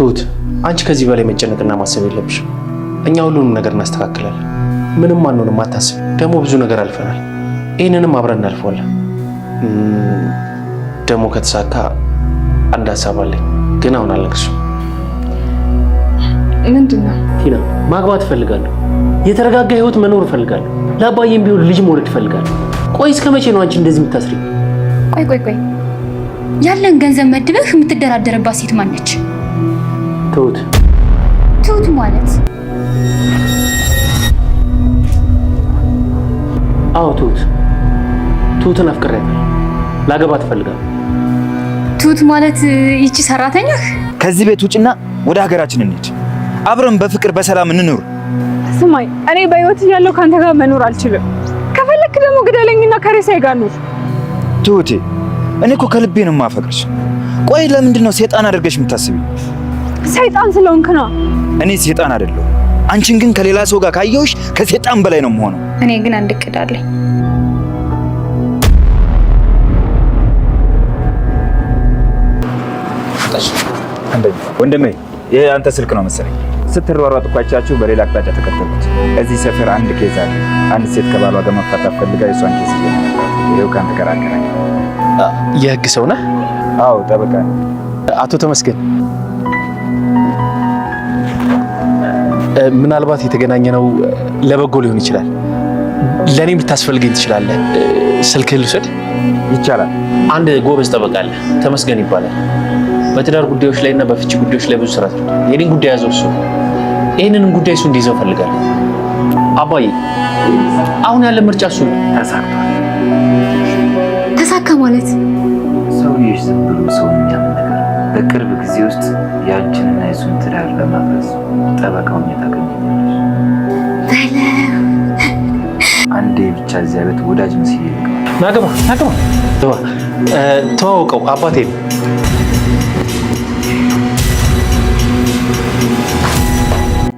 ትሁት፣ አንቺ ከዚህ በላይ መጨነቅና ማሰብ የለብሽ። እኛ ሁሉንም ነገር እናስተካክላለን። ምንም አንሆንም፣ አታስብ። ደግሞ ብዙ ነገር አልፈናል። ይህንንም አብረን እናልፈዋለን። ደግሞ ከተሳካ አንድ ሀሳብ አለኝ፣ ግን አሁን አልነግርሽም። ምንድን ነው ቲና? ማግባት እፈልጋለሁ። የተረጋጋ ህይወት መኖር እፈልጋለሁ። ለአባዬም ቢሆን ልጅ መውለድ እፈልጋለሁ። ቆይ እስከ መቼ ነው አንቺ እንደዚህ የምታስሪ? ቆይ ቆይ ቆይ፣ ያለን ገንዘብ መድበህ የምትደራደርባት ሴት ማነች? ትሁት ትሁት ማለት አዎ፣ ትሁት ትሁትን አፍቅሬያለሁ። ላገባት እፈልጋለሁ። ትሁት ማለት ይቺ ሰራተኛህ? ከዚህ ቤት ውጭና ወደ ሀገራችን እንሂድ፣ አብረን በፍቅር በሰላም እንኑር። ስማኝ፣ እኔ በህይወት እያለሁ ከአንተ ጋር መኖር አልችልም። ከፈለክ ደግሞ ግደለኝና ከሬሳዬ ጋር ኑር። ትሁቴ፣ እኔ እኮ ከልቤ ነው የማፈቅርሽ። ቆይ ለምንድን ነው ሴጣን አድርገሽ የምታስቢ? ሰይጣን ስለሆንክ ነው። እኔ ሰይጣን አይደለሁ። አንቺን ግን ከሌላ ሰው ጋር ካየሁሽ ከሰይጣን በላይ ነው የምሆነው። እኔ ግን አንድ እቅድ አለኝ። ወንድሜ ይሄ አንተ ስልክ ነው መሰለኝ። ስትሯሯጥ ኳቻችሁ በሌላ አቅጣጫ ተከተሉት። እዚህ ሰፈር አንድ ኬዝ አለ። አንድ ሴት ከባሏ ጋር መፋታት ፈልጋ የሷን ኬዝ ይዤ ይኸው ከአንተ ጋር አገናኝ። የህግ ሰው ነህ? አዎ ጠበቃ። አቶ ተመስገን ምናልባት የተገናኘ ነው ለበጎ ሊሆን ይችላል። ለእኔም ልታስፈልገኝ ትችላለህ። ስልክህን ልውሰድ? ይቻላል። አንድ ጎበዝ ጠበቃ አለ፣ ተመስገን ይባላል። በትዳር ጉዳዮች ላይ እና በፍቺ ጉዳዮች ላይ ብዙ ስራት። የኔን ጉዳይ ያዘው እሱ። ይህንንም ጉዳይ እሱ እንዲይዘው ፈልጋል አባዬ፣ አሁን ያለ ምርጫ እሱ ተሳካ ማለት ሰው በቅርብ ጊዜ ውስጥ የአንቺንና የሱን ትዳር ለማፍረስ ጠበቃውን ታገኘኛለሽ። አንዴ ብቻ እዚያ ቤት ወዳጅ መስዬ ናግባ ናግባ ተዋውቀው አባቴ ነው።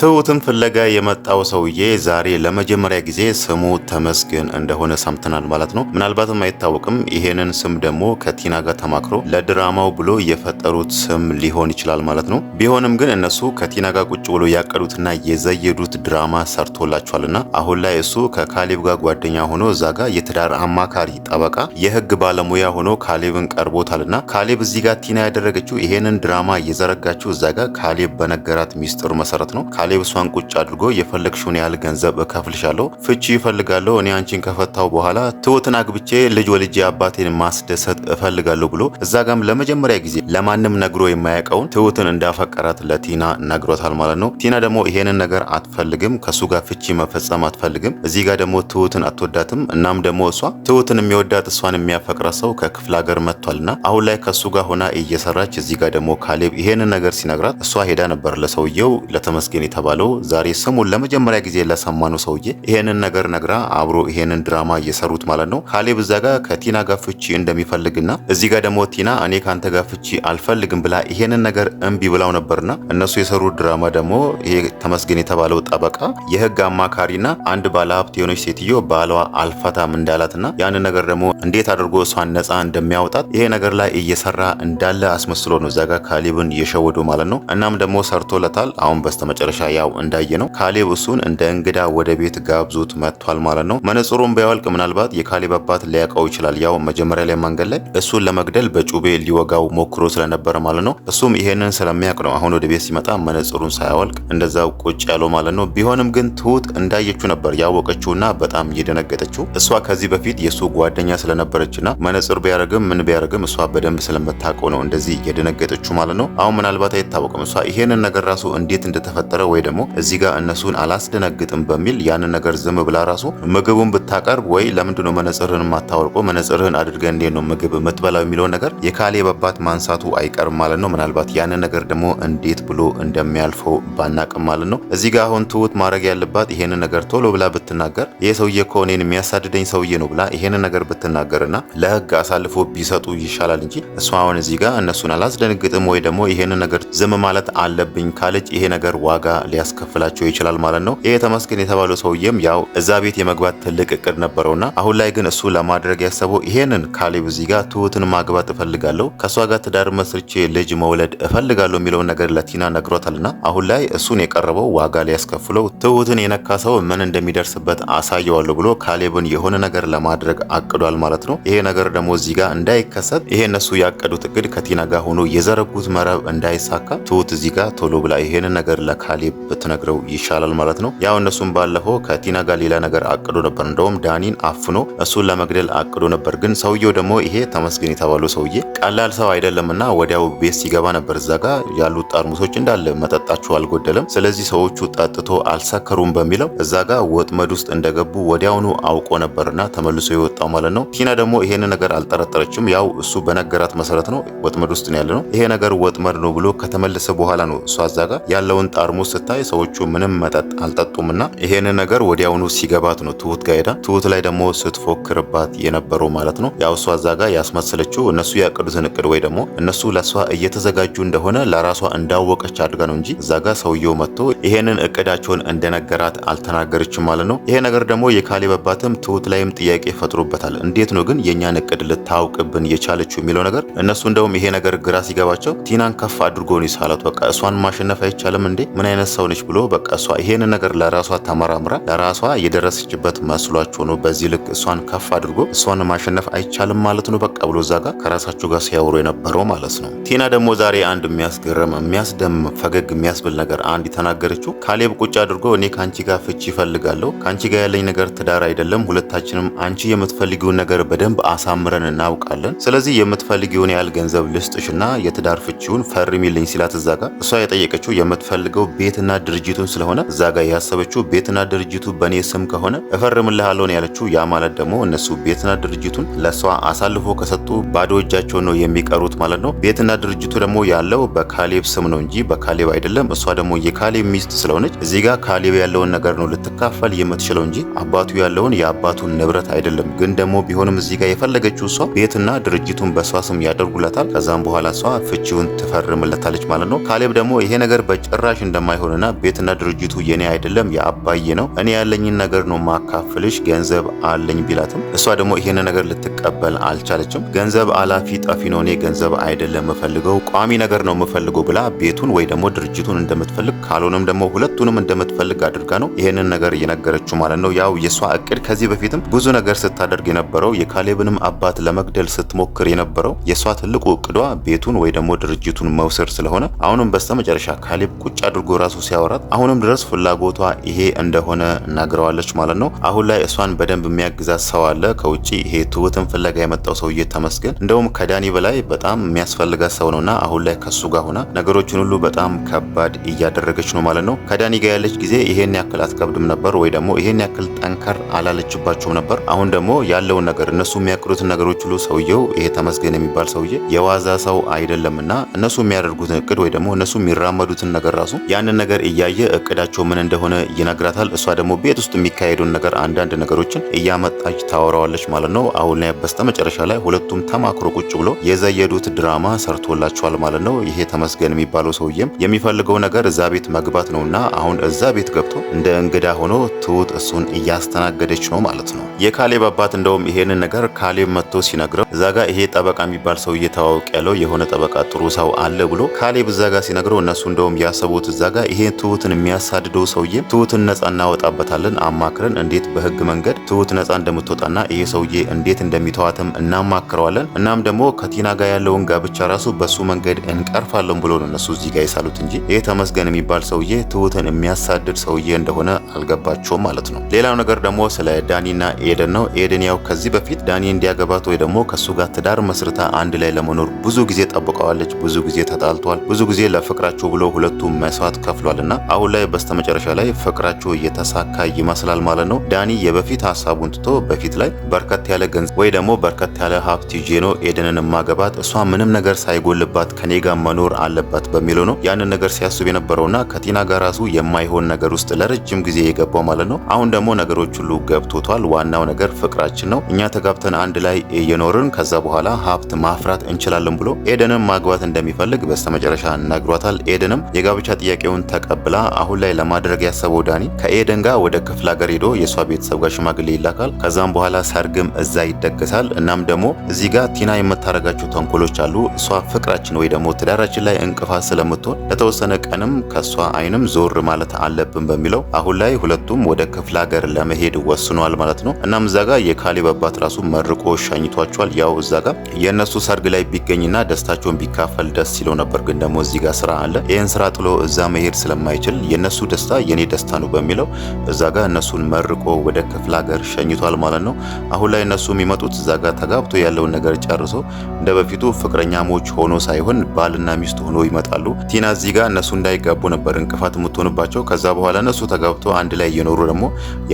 ትሁትን ፍለጋ የመጣው ሰውዬ ዛሬ ለመጀመሪያ ጊዜ ስሙ ተመስገን እንደሆነ ሰምተናል ማለት ነው። ምናልባትም አይታወቅም። ይሄንን ስም ደግሞ ከቲና ጋር ተማክሮ ለድራማው ብሎ የፈጠሩት ስም ሊሆን ይችላል ማለት ነው። ቢሆንም ግን እነሱ ከቲና ጋር ቁጭ ብሎ ያቀዱትና የዘየዱት ድራማ ሰርቶላቸዋልና አሁን ላይ እሱ ከካሌብ ጋር ጓደኛ ሆኖ እዛ ጋር የትዳር አማካሪ ጠበቃ፣ የህግ ባለሙያ ሆኖ ካሌብን ቀርቦታልና ካሌብ እዚህ ጋር ቲና ያደረገችው ይሄንን ድራማ እየዘረጋችው እዛ ጋር ካሌብ በነገራት ሚስጥር መሰረት ነው። ምሳሌ ብሷን ቁጭ አድርጎ የፈለግሽውን ያህል ገንዘብ እከፍልሻለሁ፣ ፍቺ ይፈልጋለሁ፣ እኔ አንቺን ከፈታው በኋላ ትሁትን አግብቼ ልጅ ወልጄ አባቴን ማስደሰት እፈልጋለሁ ብሎ እዛ ጋም ለመጀመሪያ ጊዜ ለማንም ነግሮ የማያውቀውን ትሁትን እንዳፈቀራት ለቲና ነግሮታል ማለት ነው። ቲና ደግሞ ይሄንን ነገር አትፈልግም፣ ከሱ ጋር ፍቺ መፈጸም አትፈልግም። እዚህ ጋር ደግሞ ትሁትን አትወዳትም። እናም ደግሞ እሷ ትሁትን የሚወዳት እሷን የሚያፈቅራ ሰው ከክፍለ ሀገር መጥቷልና አሁን ላይ ከሱ ጋር ሆና እየሰራች እዚህ ጋር ደግሞ ካሌብ ይሄንን ነገር ሲነግራት እሷ ሄዳ ነበር ለሰውየው ለተመስገን የተባለው ዛሬ ስሙን ለመጀመሪያ ጊዜ ለሰማነው ሰውዬ ይሄንን ነገር ነግራ አብሮ ይሄንን ድራማ እየሰሩት ማለት ነው። ካሌብ እዛ ጋር ከቲና ጋር ፍቺ እንደሚፈልግና እዚህ ጋር ደግሞ ቲና እኔ ከአንተ ጋር ፍቺ አልፈልግም ብላ ይሄንን ነገር እምቢ ብላው ነበርና እነሱ የሰሩት ድራማ ደግሞ ይሄ ተመስገን የተባለው ጠበቃ የህግ አማካሪና አንድ ባለሀብት የሆነች ሴትዮ ባሏ አልፈታም እንዳላትና ያንን ነገር ደግሞ እንዴት አድርጎ እሷን ነፃ እንደሚያወጣት ይሄ ነገር ላይ እየሰራ እንዳለ አስመስሎ ነው እዛ ጋር ካሌብን የሸወዱ ማለት ነው። እናም ደግሞ ሰርቶለታል። አሁን በስተመጨረሻ ያው እንዳየ ነው ካሌብ እሱን እንደ እንግዳ ወደ ቤት ጋብዞት መጥቷል ማለት ነው። መነጽሩን ቢያወልቅ ምናልባት የካሌብ አባት ሊያውቀው ይችላል። ያው መጀመሪያ ላይ መንገድ ላይ እሱን ለመግደል በጩቤ ሊወጋው ሞክሮ ስለነበረ ማለት ነው። እሱም ይሄንን ስለሚያውቅ ነው አሁን ወደ ቤት ሲመጣ መነጽሩን ሳያወልቅ እንደዛው ቁጭ ያለው ማለት ነው። ቢሆንም ግን ትሁት እንዳየችው ነበር ያወቀችውና በጣም የደነገጠችው። እሷ ከዚህ በፊት የእሱ ጓደኛ ስለነበረችና መነጽር ቢያደርግም ምን ቢያደርግም እሷ በደንብ ስለምታውቀው ነው እንደዚህ እየደነገጠችው ማለት ነው። አሁን ምናልባት አይታወቅም እሷ ይሄንን ነገር ራሱ እንዴት እንደተፈጠረ ወይ ደግሞ እዚህ ጋር እነሱን አላስደነግጥም በሚል ያንን ነገር ዝም ብላ ራሱ ምግቡን ብታቀርብ ወይ ለምንድነው ነው መነጽርህን የማታወልቀው መነጽርህን አድርገህ እንዴት ነው ምግብ የምትበላው የሚለውን ነገር የካሌ በባት ማንሳቱ አይቀርም ማለት ነው። ምናልባት ያንን ነገር ደግሞ እንዴት ብሎ እንደሚያልፈው ባናቅም ማለት ነው። እዚህ ጋር አሁን ትሁት ማድረግ ያለባት ይሄንን ነገር ቶሎ ብላ ብትናገር ይሄ ሰውዬ እኮ እኔን የሚያሳድደኝ ሰውዬ ነው ብላ ይሄንን ነገር ብትናገርና ለህግ አሳልፎ ቢሰጡ ይሻላል እንጂ እሷ አሁን እዚህ ጋር እነሱን አላስደነግጥም ወይ ደግሞ ይሄንን ነገር ዝም ማለት አለብኝ ካለች ይሄ ነገር ዋጋ ሊያስከፍላቸው ይችላል ማለት ነው። ይሄ ተመስገን የተባለው ሰውዬም ያው እዛ ቤት የመግባት ትልቅ እቅድ ነበረውና አሁን ላይ ግን እሱ ለማድረግ ያሰበው ይሄንን ካሌብ እዚህ ጋር ትሁትን ማግባት እፈልጋለሁ፣ ከእሷ ጋር ትዳር መስርቼ ልጅ መውለድ እፈልጋለሁ የሚለውን ነገር ለቲና ነግሮታልና አሁን ላይ እሱን የቀረበው ዋጋ ሊያስከፍለው ትሁትን የነካ ሰው ምን እንደሚደርስበት አሳየዋለሁ ብሎ ካሌብን የሆነ ነገር ለማድረግ አቅዷል ማለት ነው። ይሄ ነገር ደግሞ እዚህ ጋር እንዳይከሰት ይሄ እነሱ ያቀዱት እቅድ ከቲና ጋር ሆኖ የዘረጉት መረብ እንዳይሳካ ትሁት እዚህ ጋር ቶሎ ብላ ይሄንን ነገር ለካሌብ ብትነግረው ይሻላል ማለት ነው። ያው እነሱም ባለፈው ከቲና ጋር ሌላ ነገር አቅዶ ነበር። እንደውም ዳኒን አፍኖ እሱን ለመግደል አቅዶ ነበር። ግን ሰውየው ደግሞ ይሄ ተመስገን የተባለው ሰውዬ ቀላል ሰው አይደለምና ወዲያው ቤት ሲገባ ነበር እዛ ጋ ያሉት ጠርሙሶች እንዳለ መጠጣቸው አልጎደለም። ስለዚህ ሰዎቹ ጠጥቶ አልሰከሩም በሚለው እዛ ጋ ወጥመድ ውስጥ እንደገቡ ወዲያውኑ አውቆ ነበርና ተመልሶ የወጣው ማለት ነው። ቲና ደግሞ ይሄን ነገር አልጠረጠረችም። ያው እሱ በነገራት መሰረት ነው ወጥመድ ውስጥ ያለ ነው ይሄ ነገር ወጥመድ ነው ብሎ ከተመለሰ በኋላ ነው እሷ እዛ ጋ ያለውን ጠርሙስ ስታይ ሰዎቹ ምንም መጠጥ አልጠጡምና ይሄን ነገር ወዲያውኑ ሲገባት ነው ትሁት ጋር ሄዳ ትሁት ላይ ደግሞ ስትፎክርባት የነበረው ማለት ነው። ያው እሷ እዛ ጋር ያስመስለችው እነሱ ያቅዱትን እቅድ ወይ ደግሞ እነሱ ለእሷ እየተዘጋጁ እንደሆነ ለራሷ እንዳወቀች አድርጋ ነው እንጂ እዛ ጋር ሰውየው መጥቶ ይሄንን እቅዳቸውን እንደነገራት አልተናገረችም ማለት ነው። ይሄ ነገር ደግሞ የካሌብ አባትም ትሁት ላይም ጥያቄ ፈጥሮበታል። እንዴት ነው ግን የእኛን እቅድ ልታውቅብን የቻለችው የሚለው ነገር እነሱ እንደውም ይሄ ነገር ግራ ሲገባቸው ቲናን ከፍ አድርጎ ነው ይሳላት። በቃ እሷን ማሸነፍ አይቻልም እንዴ? ምን አይነት አይነት ሰው ነች ብሎ በቃ እሷ ይሄን ነገር ለራሷ ተመራምራ ለራሷ የደረሰችበት መስሏቸው ነው በዚህ ልክ እሷን ከፍ አድርጎ እሷን ማሸነፍ አይቻልም ማለት ነው በቃ ብሎ እዛ ጋር ከራሳቸው ጋር ሲያወሩ የነበረው ማለት ነው። ቲና ደግሞ ዛሬ አንድ የሚያስገርም የሚያስደም ፈገግ የሚያስብል ነገር አንድ የተናገረችው ካሌብ ቁጭ አድርጎ እኔ ከአንቺ ጋር ፍቺ ይፈልጋለሁ ከአንቺ ጋር ያለኝ ነገር ትዳር አይደለም፣ ሁለታችንም አንቺ የምትፈልጊውን ነገር በደንብ አሳምረን እናውቃለን። ስለዚህ የምትፈልጊውን ያህል ገንዘብ ልስጥሽና የትዳር ፍቺውን ፈርሚልኝ ሲላት እዛ ጋር እሷ የጠየቀችው የምትፈልገው ቤት ቤትና ድርጅቱን ስለሆነ እዛ ጋር ያሰበችው ቤትና ድርጅቱ በእኔ ስም ከሆነ እፈርምልሃለሁ ነው ያለችው። ያ ማለት ደግሞ እነሱ ቤትና ድርጅቱን ለእሷ አሳልፎ ከሰጡ ባዶ እጃቸው ነው የሚቀሩት ማለት ነው። ቤትና ድርጅቱ ደግሞ ያለው በካሌብ ስም ነው እንጂ በካሌብ አይደለም። እሷ ደግሞ የካሌብ ሚስት ስለሆነች እዚህ ጋር ካሌብ ያለውን ነገር ነው ልትካፈል የምትችለው እንጂ አባቱ ያለውን የአባቱን ንብረት አይደለም። ግን ደግሞ ቢሆንም እዚህ ጋር የፈለገችው እሷ ቤትና ድርጅቱን በእሷ ስም ያደርጉለታል። ከዛም በኋላ እሷ ፍቺውን ትፈርምለታለች ማለት ነው። ካሌብ ደግሞ ይሄ ነገር በጭራሽ እንደማይሆን ና ቤትና ድርጅቱ የኔ አይደለም የአባዬ ነው፣ እኔ ያለኝን ነገር ነው ማካፍልሽ፣ ገንዘብ አለኝ ቢላትም እሷ ደግሞ ይሄን ነገር ልትቀበል አልቻለችም። ገንዘብ አላፊ ጠፊ ነው፣ እኔ ገንዘብ አይደለም የምፈልገው፣ ቋሚ ነገር ነው የምፈልገው ብላ ቤቱን ወይ ደግሞ ድርጅቱን እንደምትፈልግ ካልሆነም ደግሞ ሁለቱንም እንደምትፈልግ አድርጋ ነው ይሄንን ነገር እየነገረችው ማለት ነው። ያው የእሷ እቅድ ከዚህ በፊትም ብዙ ነገር ስታደርግ የነበረው የካሌብንም አባት ለመግደል ስትሞክር የነበረው የእሷ ትልቁ እቅዷ ቤቱን ወይ ደግሞ ድርጅቱን መውሰድ ስለሆነ አሁንም በስተመጨረሻ ካሌብ ቁጭ አድርጎ ራሱ ሲያወራት አሁንም ድረስ ፍላጎቷ ይሄ እንደሆነ ነግረዋለች ማለት ነው። አሁን ላይ እሷን በደንብ የሚያግዛት ሰው አለ ከውጭ ይሄ ትሁትን ፍለጋ የመጣው ሰውዬ ተመስገን እንደውም ከዳኒ በላይ በጣም የሚያስፈልጋት ሰው ነውና አሁን ላይ ከሱ ጋር ሆና ነገሮችን ሁሉ በጣም ከባድ እያደረገች ነው ማለት ነው። ከዳኒ ጋር ያለች ጊዜ ይሄን ያክል አትከብድም ነበር ወይ ደግሞ ይሄን ያክል ጠንከር አላለችባቸውም ነበር። አሁን ደግሞ ያለውን ነገር እነሱ የሚያቅዱትን ነገሮች ሁሉ ሰውየው ይሄ ተመስገን የሚባል ሰውዬ የዋዛ ሰው አይደለምና እነሱ የሚያደርጉትን እቅድ ወይ ደግሞ እነሱ የሚራመዱትን ነገር ራሱ ያንን ነገር ነገር እያየ እቅዳቸው ምን እንደሆነ ይነግራታል። እሷ ደግሞ ቤት ውስጥ የሚካሄዱን ነገር አንዳንድ ነገሮችን እያመጣች ታወራዋለች ማለት ነው። አሁን ላይ በስተ መጨረሻ ላይ ሁለቱም ተማክሮ ቁጭ ብሎ የዘየዱት ድራማ ሰርቶላቸዋል ማለት ነው። ይሄ ተመስገን የሚባለው ሰውዬም የሚፈልገው ነገር እዛ ቤት መግባት ነውና አሁን እዛ ቤት ገብቶ እንደ እንግዳ ሆኖ ትሁት እሱን እያስተናገደች ነው ማለት ነው። የካሌብ አባት እንደውም ይሄንን ነገር ካሌብ መጥቶ ሲነግረው እዛ ጋ ይሄ ጠበቃ የሚባል ሰውዬ ታዋውቅ ያለው የሆነ ጠበቃ ጥሩ ሰው አለ ብሎ ካሌብ እዛ ጋ ሲነግረው እነሱ እንደውም ያሰቡት እዛ ጋ ይሄ ትሁትን የሚያሳድደው ሰውዬ ትሁትን ነጻ እናወጣበታለን፣ አማክረን እንዴት በህግ መንገድ ትሁት ነጻ እንደምትወጣና ይሄ ሰውዬ እንዴት እንደሚተዋትም እናማክረዋለን። እናም ደግሞ ከቲና ጋር ያለውን ጋብቻ ራሱ በሱ መንገድ እንቀርፋለን ብሎ ነው እነሱ እዚህ ጋር የሳሉት እንጂ ይህ ተመስገን የሚባል ሰውዬ ትሁትን የሚያሳድድ ሰውዬ እንደሆነ አልገባቸውም ማለት ነው። ሌላው ነገር ደግሞ ስለ ዳኒና ኤደን ነው። ኤደን ያው ከዚህ በፊት ዳኒ እንዲያገባት ወይ ደግሞ ከሱ ጋር ትዳር መስርታ አንድ ላይ ለመኖር ብዙ ጊዜ ጠብቀዋለች። ብዙ ጊዜ ተጣልቷል። ብዙ ጊዜ ለፍቅራቸው ብሎ ሁለቱ መስዋዕት ከፍ ተከፋፍሏልና አሁን ላይ በስተመጨረሻ ላይ ፍቅራቸው እየተሳካ ይመስላል ማለት ነው። ዳኒ የበፊት ሀሳቡን ትቶ በፊት ላይ በርከት ያለ ገንዘብ ወይ ደግሞ በርከት ያለ ሀብት ይዤ ነው ኤደንን ማገባት፣ እሷ ምንም ነገር ሳይጎልባት ከኔ ጋር መኖር አለባት በሚለው ነው ያንን ነገር ሲያስብ የነበረውና ከቲና ጋር ራሱ የማይሆን ነገር ውስጥ ለረጅም ጊዜ የገባው ማለት ነው። አሁን ደግሞ ነገሮች ሁሉ ገብቶቷል። ዋናው ነገር ፍቅራችን ነው፣ እኛ ተጋብተን አንድ ላይ እየኖርን ከዛ በኋላ ሀብት ማፍራት እንችላለን ብሎ ኤደንን ማግባት እንደሚፈልግ በስተመጨረሻ ነግሯታል። ኤደንም የጋብቻ ጥያቄውን ተቀብላ አሁን ላይ ለማድረግ ያሰበው ዳኒ ከኤደን ጋር ወደ ክፍለ ሀገር ሄዶ የእሷ ቤተሰብ ጋር ሽማግሌ ይላካል። ከዛም በኋላ ሰርግም እዛ ይደገሳል። እናም ደግሞ እዚህ ጋር ቲና የምታደርጋቸው ተንኮሎች አሉ። እሷ ፍቅራችን ወይ ደግሞ ትዳራችን ላይ እንቅፋት ስለምትሆን ለተወሰነ ቀንም ከእሷ አይንም ዞር ማለት አለብን በሚለው አሁን ላይ ሁለቱም ወደ ክፍለ ሀገር ለመሄድ ወስኗል ማለት ነው። እናም እዛ ጋር የካሌብ አባት ራሱ መርቆ ሻኝቷቸዋል። ያው እዛ ጋር የእነሱ ሰርግ ላይ ቢገኝና ደስታቸውን ቢካፈል ደስ ይለው ነበር። ግን ደግሞ እዚህ ጋር ስራ አለ። ይህን ስራ ጥሎ እዛ መሄድ ስለማይችል የነሱ ደስታ የኔ ደስታ ነው በሚለው እዛ ጋር እነሱን መርቆ ወደ ክፍለ ሀገር ሸኝቷል ማለት ነው። አሁን ላይ እነሱ የሚመጡት እዛ ጋር ተጋብቶ ያለውን ነገር ጨርሶ እንደ በፊቱ ፍቅረኛሞች ሆኖ ሳይሆን ባልና ሚስት ሆኖ ይመጣሉ። ቲና እዚህ ጋር እነሱ እንዳይጋቡ ነበር እንቅፋት የምትሆንባቸው። ከዛ በኋላ እነሱ ተጋብቶ አንድ ላይ እየኖሩ ደግሞ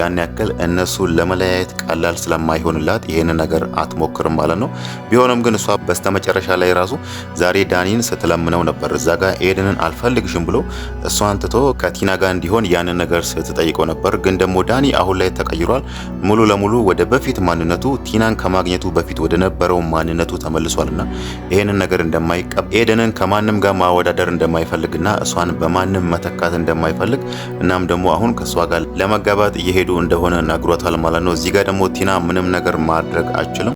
ያን ያክል እነሱ ለመለያየት ቀላል ስለማይሆንላት ይሄንን ነገር አትሞክርም ማለት ነው። ቢሆንም ግን እሷ በስተመጨረሻ ላይ ራሱ ዛሬ ዳኒን ስትለምነው ነበር እዛ ጋር ኤደንን አልፈልግሽም ብሎ እሷን ትቶ ከቲና ጋር እንዲሆን ያንን ነገር ስትጠይቀው ነበር። ግን ደግሞ ዳኒ አሁን ላይ ተቀይሯል። ሙሉ ለሙሉ ወደ በፊት ማንነቱ ቲናን ከማግኘቱ በፊት ወደ ነበረው ማንነቱ ተመልሷልና ይህንን ነገር እንደማይቀበል ኤደንን ከማንም ጋር ማወዳደር እንደማይፈልግና እሷን በማንም መተካት እንደማይፈልግ እናም ደግሞ አሁን ከእሷ ጋር ለመጋባት እየሄዱ እንደሆነ ነግሯታል ማለት ነው። እዚህ ጋር ደግሞ ቲና ምንም ነገር ማድረግ አይችልም